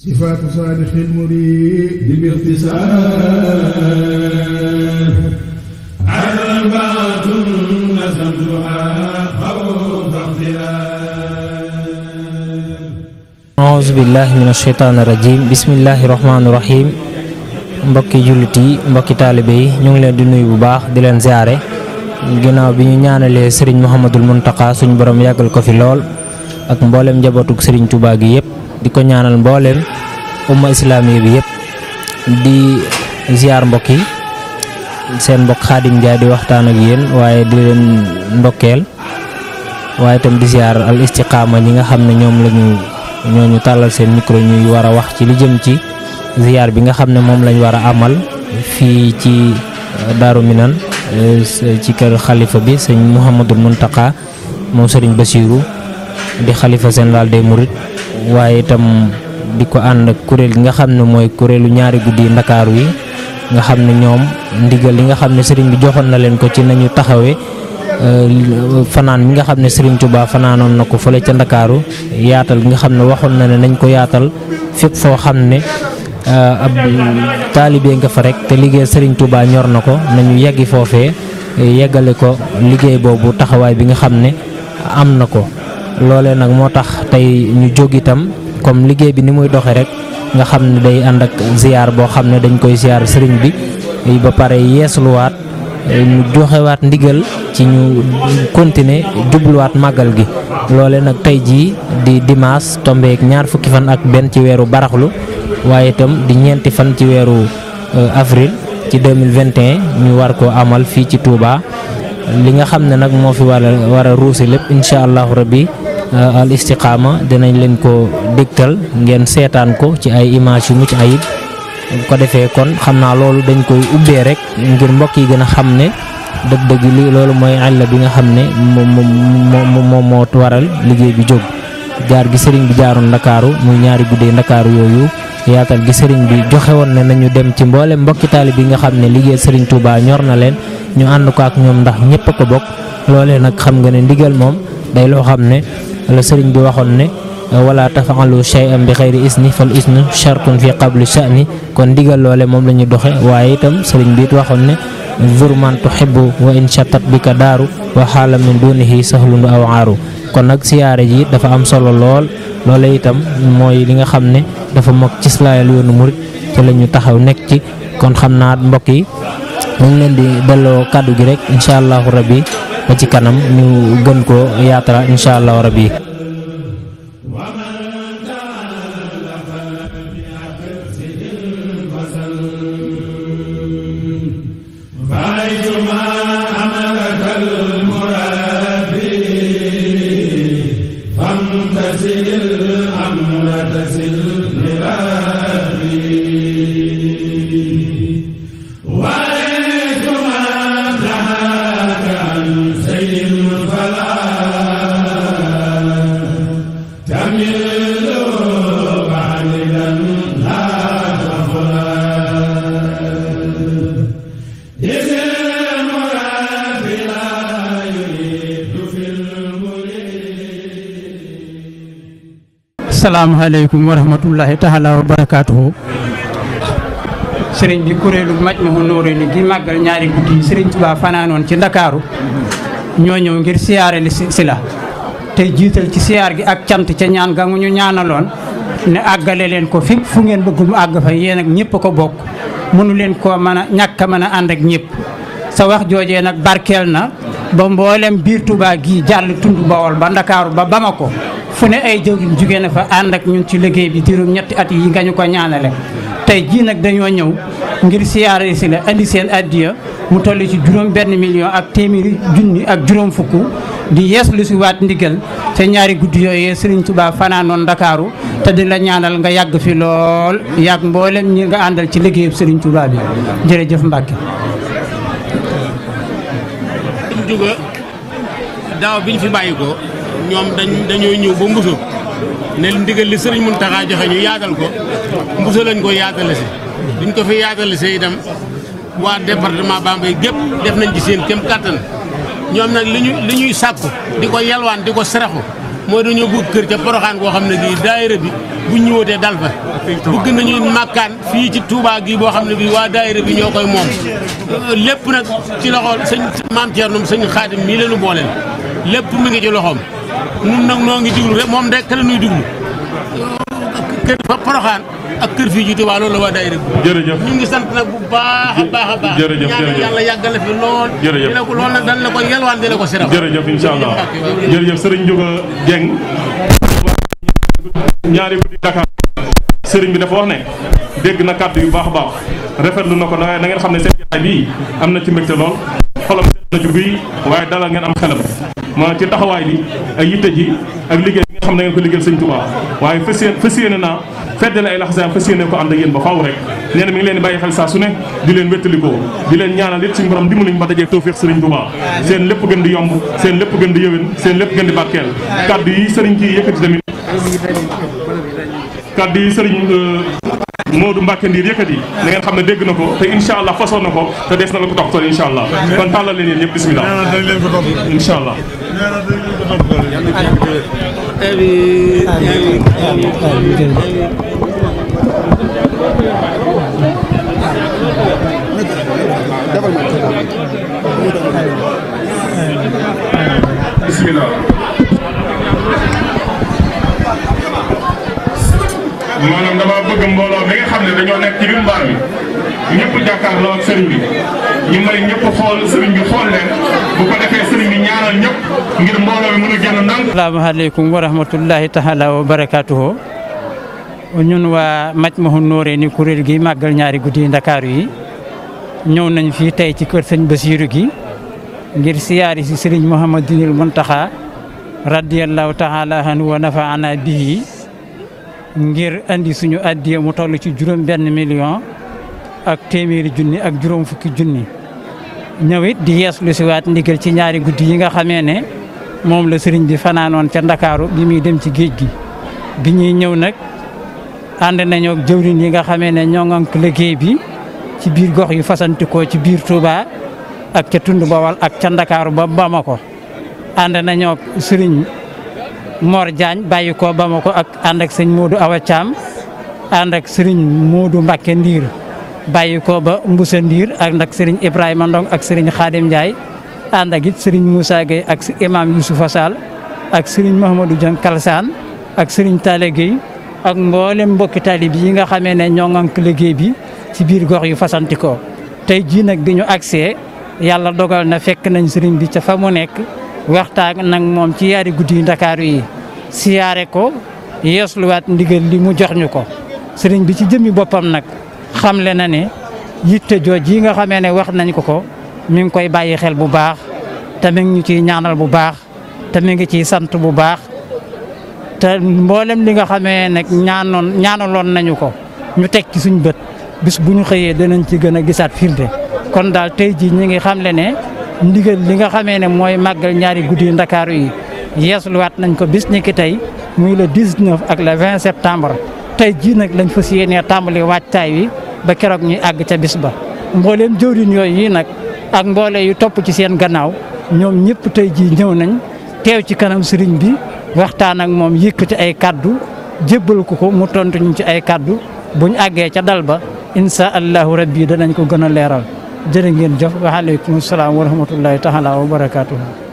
صفات صالح المريد باختصار أربعة نسمتها أعوذ بالله من الشيطان الرجيم بسم الله الرحمن الرحيم mbokki mbokki yi ñu ngi leen di nuyu bu baax di gi di ko ñaanal mbollem umma islamiy bi yeb di ziar mbokk yi seen mbokk khadim ja anu di waxtaan ak yeen waye di len ndokkeel waye tam di ziar al istiqama ñi nga xamne ñom lañu ñoñu talal seen micro ñuy wara wax ci li jëm ci ziar bi nga xamne mom lañ amal fi ci euh, daruminan minan euh, ci kër khalifa bi seigne muhammadul muntaka mo serigne basiru di khalifa general des mourides waaye itam di ko ànd kuréel gi nga xam ne mooy kuréelu ñaari guddi ndakaaru yi nga xam ne ñoom ndigal li nga xam ne sëriñ bi joxoon na leen ko ci nañu taxawee euh, fanaan bi nga xam ne sëriñ Tuubaa fanaanoon na ko fële ca ndakaaru yaatal bi nga xam ne waxoon na ne nañ ko yaatal fépp foo xam ne euh, ab taalibe nga fa rek te liggéey sëriñ Tuubaa ñor na ko nañu yeggi foofee yeggale ko liggéey boobu taxawaay bi nga xam ne am na ko loolee nag moo tax tey ñu jóg itam comme liggéey bi ni muy doxee rek nga xam ne day ànd ak ziar boo xam ne dañ koy ziar sëriñ bi ba pare yeesluwaat ñu joxewaat ndigal ci ñu continuer jubluwaat màggal gi loole nag tey jii di dimaas tombeek ñaar fukki fan ak benn ci weeru baraxlu waaye itam di ñeenti fan ci weeru euh, avril ci 2021 ñu war ko amal fii ci Touba li nga xam ne nag moo fi war a ruuse lépp incha allahu rabbi euh, al istiqaama dinañ leen ko dégtal ngeen seetaan ko ci ay image yu mucc ayib ko defee kon xam naa loolu dañ koy ubbee rek ngir mbokk yi gën a xam ne dëgg-dëgg li loolu mooy àll bi nga xam ne moom moo moo waral liggéey bi jóg. jaar gi sëriñ bi jaaroon ndakaaru muy ñaari guddee ndakaaru yooyu. yaatal gi serigne bi joxe won ne nañu dem ci mbolé mbokki talib yi nga xamné ne serigne Touba ñor na len ñu and ko ak ñom ndax ñepp ko bok lolé nak xam nga né ndigal mom day lo xamné ne serigne bi waxon ne wala tafa'alu shay'an bi xayri isni fal isnu shartun fi qablu sha'ni kon ndigal lolé mom lañu doxé waye waaye itam bi waxon né ne zurman tuhibbu wa in shattat bika daru wa halam min dunihi sahlun aw aru kon nak siyaare ji dafa am solo lol loolee itam mooy li nga xam ne dafa mokk ci silaayal yoonu murit ci la ñu taxaw nekk ci kon xam naa mbokk yi ñu ngi leen di delloo kàddu gi rek incha allahu rabbi ba ci kanam ñu gën koo yaatara incha allahu rabbi asalaamaaleykum wa rahmatullahi taala wa barakaatuhu sëriñ bi kuréelu Majmahun Nurayni gi màggal ñaari guddi sëriñ Tuubaa fanaanoon ci ndakaaru ñoo ñëw ngir siyaare li si la tey jiital ci siyaar gi ak cant ca ñaan ga ñu ñaanaloon ne àggale leen ko fi fu ngeen bëgg mu àgg fa yéen ak ñëpp ko bokk mënu leen koo mën a ñàkk a mën a ànd ak ñëpp sa wax joojee nag barkeel na ba mboolem biir Tuubaa gi jàll tund Bawol ba ndakaaru ba Bamako fu ne ay jëwriñ jugee fa ànd ak ñun ci liggéey bi diirum ñetti at yi nga ñu ko ñaanale tey jii nag dañoo ñëw ngir siyaare si la andi seen addiya mu toll ci juróom benn million ak téeméeri junni ak juróom fukk di yees lu si waat ndigal te ñaari guddi yooyee Serigne Touba fanaanoon Ndakaaru te di ñaanal nga yàgg fi lool yàgg mboolem ñi nga àndal ci liggéeyub Serigne Touba bi jërëjëf Mbacke. daaw bi ñu fi bàyyi ko ñoom dañ dañoo ñëw ba mbuso ne ndigal li sëriñ Muntaxa joxe ñu yaatal ko mbuso lañ ko yaatale si duñ ko fi yaatale si itam waa département Bambey gépp def nañ ci seen kem kàttan ñoom nag li ñu li ñuy sàkku di ko yalwaan di ko saraxu mooy dañoo bëgg kër ca Poroxaan goo xam ne gi daayira bi bu ñu wootee dal fa bëgg nañuy màkkaan fii ci tuubaa gii boo xam ne bii waa daayira bi ñoo koy moom lépp nag ci loxo sëñ maam Thierno sëñ Xaadim mii leenu booleel lépp mi ngi ci loxoom nun nak no ngi diglu rek mom rek la ñuy diglu kër fa poroxaan ak kër fi jité wa loolu wa day rek ñu ngi sant nak bu baaxa baaxa baax jërëjëf jërëjëf yalla yagal fi lool dina ko lool nak dan la ko yelwaan dina ko siraf jërëjëf inshallah jërëjëf serigne juga jeng ñaari guddi dakar serigne bi dafa wax ne na kaddu yu baax baax rafetlu nako da ngeen xamne seen jaay bi amna ci lool xolam na ci waye ngeen am xelam maanaam ci taxawaay bi ak yitte ji ak liggéey bi nga xam ne ngeen ko liggéeyal sëñ Tuubaa waaye fas yéene fas yéene naa feddale ay laxasaayam fas yéene ko ànd ak yéen ba faaw rek nee mi ngi leen di bàyyi xel saa su ne di leen wéttalikoo di leen ñaanal it suñu borom dimbali ñu ba dajee tawfeex sëriñ Tuubaa seen lépp gën di yomb seen lépp gën di yëwén seen lépp gën di barkeel kaddu yi sëriñ ci yëkkati tamit kaddu yi sëriñ euh, Modou Mbacke Ndiir yëkkati na ngeen xam ne dégg na ko te incha allah façon na ko te na la ko toxtal allah kon tàllal leen yéen ñëpp bismillah incha bismillah maanaam dama bëgg mbooloo mi nga xam ne dañoo nekk ci biir mbaar mi ñëpp jàkkaarloo ak sëriñ bi ñu may ñëpp xool sëriñ bi xool leen bu ko defee sëriñ bi ñaanal ñëpp ngir mbooloo mi mën a génn ndànk. asalaamaaleykum wa rahmatullahi wa barakaatuhu ñun waa Majmahun Noreyni kuréel gi màggal ñaari guddi ndakaaru yi ñëw nañ fi tey ci kër sëñ Basiiru gi ngir siyaari si sëriñ Mouhamadinil Muntaxa radiyallahu taala anhu wa nafaana bihi ngir indi suñu addiya mu toll ci juróom benn million. ak téméré junni ak juróom fukki junni ñawit di yes lu ci wat ndigal ci ñaari guddi yi nga xamé né mom la sëriñ bi fananon ci dakaru bi mi dem ci géej gi bi ñi ñëw tuko and nañu ak jëwriñ yi nga xamé né liggéey bi ci biir gox yu ko ci biir Touba ak ci tundu bawal ak ci dakaru ba Bamako and nañu ak sëriñ Mor Diagne bayiko ko Bamako ak and ak sëriñ Modou Awa cham and ak sëriñ Modou Mbacke ndir bàyyi ko ba Mbusa Ndiir ak nag Serigne Ibrahima Ndong ak Serigne Khadim Ndiaye ànd ak it Serigne Moussa ak imam Youssoufa Sall ak Serigne Mahamadou Dieng Kalsaan ak Serigne Talla Gueye ak mboolem mbokki talib yi nga xamee ne ñoo ŋànk liggéey bi ci biir gox yu fasantikoo tey jii nag bi ñu agsee yàlla dogal na fekk nañ sëriñ bi ca fa mu nekk waxtaan nag moom ci yaari guddi yu ndakaaru yi siyaare ko yeesluwaat ndigal li mu jox ñu ko sëriñ bi ci jëmmi boppam nag xamle na ne yitte jooj yi nga xamee ne wax nañ ko ko mi ngi koy bàyyi xel bu baax te mi ñu ciy ñaanal bu baax te mi ngi ciy sant bu baax te mboolem li nga xamee ne ñaanoon ñaanaloon nañu ko ñu teg ci suñ bët bis bu ñu xëyee danañ ci gën a gisaat firnde kon daal tey jii ñi ngi xamle ne ndigal li nga xamee ne mooy màggal ñaari guddi ndakaaru yi yeesluwaat nañ ko bis ñi ki tey muy le 19 ak le 20 septembre tey jii nag lañ fas yéenee tàmbali waajtaay wi ba keroog ñuy àgg ca bis ba mbooleem jëwriñ yooyu yii nag ak mboolee yu topp ci seen gannaaw ñoom ñëpp tey jii ñëw nañ teew ci kanam sëriñ bi waxtaan ak moom yëkkati ay kàddu jébbal ko ko mu tontu ñu ci ay kaddu buñ àggee ca dal ba incha allahu rabbi danañ ko gën a leeral jërë ngeen jëf waaleykum salaam wa rahmatullahi taala wa barakaatuhu